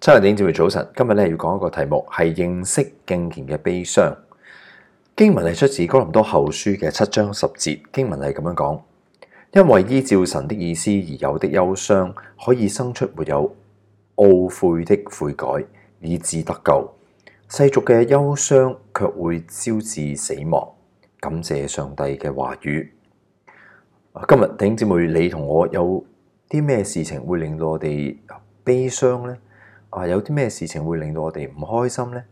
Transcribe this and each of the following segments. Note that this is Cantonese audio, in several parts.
七日弟兄姐妹早晨，今日咧要講一個題目，係認識敬虔嘅悲傷。經文係出自哥林多後書嘅七章十節，經文係咁樣講：「因為依照神的意思而有的憂傷，可以生出沒有懊悔的悔改，以致得救；世俗嘅憂傷卻會招致死亡。感謝上帝嘅話語。今日弟兄姐妹，你同我有啲咩事情會令到我哋悲傷呢？」啊，有啲咩事情會令到我哋唔開心呢？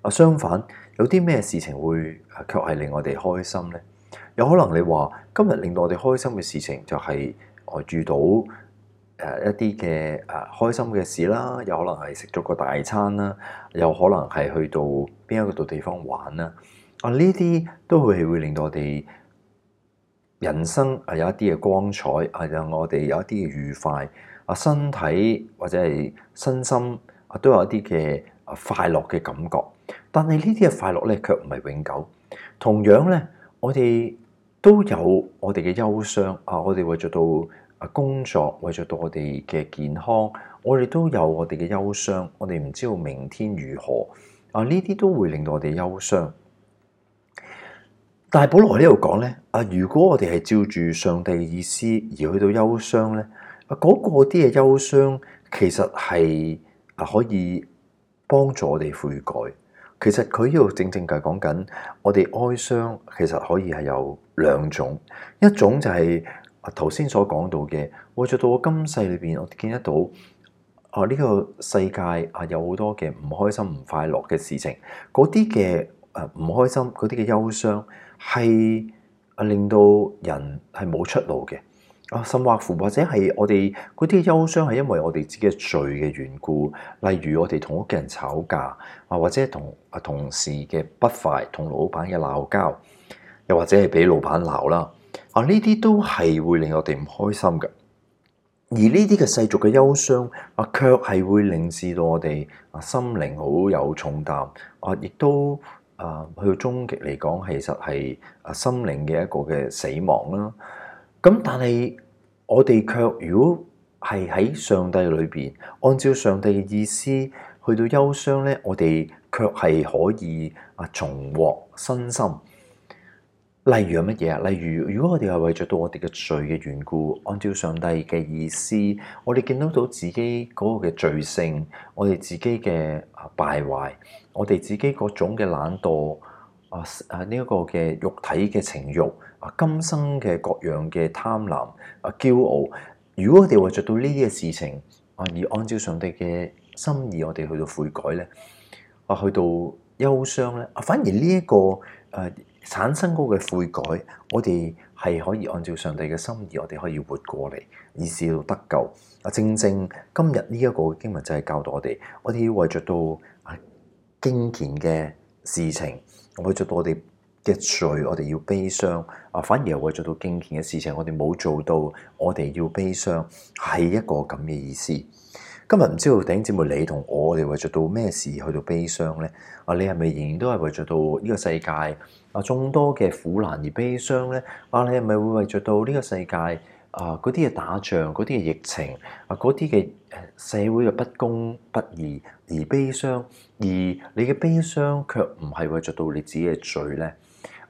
啊，相反，有啲咩事情會啊，卻係令我哋開心呢？有可能你話今日令到我哋開心嘅事情，就係我遇到誒一啲嘅誒開心嘅事啦，有可能係食咗個大餐啦，有可能係去到邊一個度地方玩啦。啊，呢啲都係會令到我哋人生係有一啲嘅光彩，係讓我哋有一啲嘅愉快。啊，身體或者係身心啊，都有一啲嘅啊快樂嘅感覺。但係呢啲嘅快樂咧，卻唔係永久。同樣咧，我哋都有我哋嘅憂傷啊。我哋為咗到啊工作，為咗到我哋嘅健康，我哋都有我哋嘅憂傷。我哋唔知道明天如何啊？呢啲都會令到我哋憂傷。但係，保羅喺呢度講咧啊，如果我哋係照住上帝嘅意思而去到憂傷咧。啊！嗰個啲嘅憂傷，其實係啊可以幫助我哋悔改。其實佢呢度正正就係講緊我哋哀傷，其實可以係有兩種。一種就係頭先所講到嘅，我做到我今世裏邊，我見得到啊呢個世界啊有好多嘅唔開心、唔快樂嘅事情。嗰啲嘅啊唔開心，嗰啲嘅憂傷係啊令到人係冇出路嘅。啊，甚或乎，或者係我哋嗰啲憂傷，係因為我哋自己嘅罪嘅緣故，例如我哋同屋企人吵架，啊，或者同啊同事嘅不快，同老闆嘅鬧交，又或者係俾老闆鬧啦，啊，呢啲都係會令我哋唔開心㗎。而呢啲嘅世俗嘅憂傷，啊，卻係會令至到我哋啊心靈好有重擔，啊，亦都啊去到終極嚟講，其實係啊心靈嘅一個嘅死亡啦。咁但係。我哋卻如果係喺上帝裏邊，按照上帝嘅意思去到憂傷咧，我哋卻係可以啊重獲身心。例如係乜嘢啊？例如如果我哋係為咗到我哋嘅罪嘅緣故，按照上帝嘅意思，我哋見到到自己嗰個嘅罪性，我哋自己嘅啊敗壞，我哋自己各種嘅懶惰啊啊呢一個嘅肉體嘅情欲。啊，今生嘅各樣嘅貪婪啊，驕傲，如果我哋為著到呢啲嘅事情，啊，而按照上帝嘅心意，我哋去到悔改咧，啊，去到憂傷咧，啊，反而呢一個誒產生嗰個悔改，我哋係可以按照上帝嘅心意，我哋可以活過嚟，以至到得救。啊，正正今日呢一個經文就係教導我哋，我哋要為著到啊敬虔嘅事情，我去著到我哋。嘅罪，我哋要悲傷，啊！反而係為咗到敬虔嘅事情，我哋冇做到，我哋要悲傷，係一個咁嘅意思。今日唔知道弟兄姐妹，你同我哋為咗到咩事去到悲傷呢？啊，你係咪仍然都係為咗到呢個世界啊眾多嘅苦難而悲傷呢？啊，你係咪會為咗到呢個世界啊嗰啲嘅打仗、嗰啲嘅疫情啊、嗰啲嘅社會嘅不公不義而悲傷？而你嘅悲傷卻唔係為咗到你自己嘅罪呢？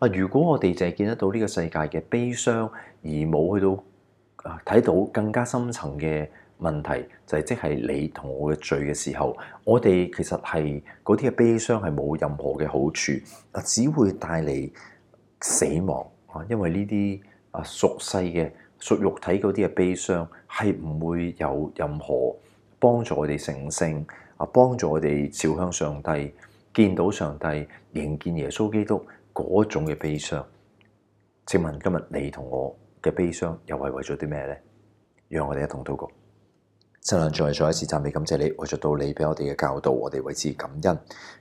啊！如果我哋淨係見得到呢個世界嘅悲傷，而冇去到啊睇到更加深層嘅問題，就係即係你同我嘅罪嘅時候，我哋其實係嗰啲嘅悲傷係冇任何嘅好處啊，只會帶嚟死亡啊。因為呢啲啊屬世嘅、屬肉體嗰啲嘅悲傷係唔會有任何幫助我哋成聖啊，幫助我哋朝向上帝，見到上帝，迎見耶穌基督。嗰種嘅悲傷，請問今日你同我嘅悲傷，又係為咗啲咩咧？讓我哋一同禱告。神啊，仲再一次讚美感謝你，為著到你俾我哋嘅教導，我哋為之感恩。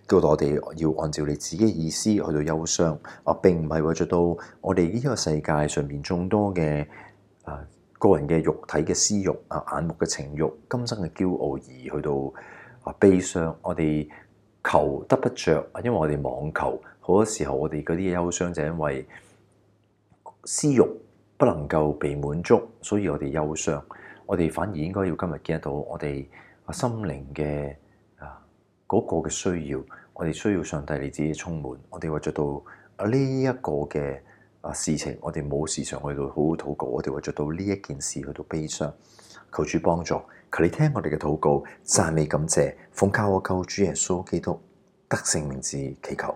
叫做我哋要按照你自己嘅意思去到憂傷啊！並唔係為著到我哋呢個世界上面眾多嘅啊、呃、個人嘅肉體嘅私欲、啊、呃、眼目嘅情慾，今生嘅驕傲而去到啊悲傷。我哋求得不著，因為我哋妄求。好多時候，我哋嗰啲憂傷就因為私欲不能夠被滿足，所以我哋憂傷。我哋反而應該要今日見得到我哋啊，心靈嘅啊嗰個嘅需要，我哋需要上帝你自己的充滿。我哋為著到啊呢一個嘅啊事情，我哋冇時常去到好好禱告。我哋為著到呢一件事去到悲傷，求主幫助。求你聽我哋嘅禱告，讚美感謝，奉靠我救主耶穌基督得聖名字祈求。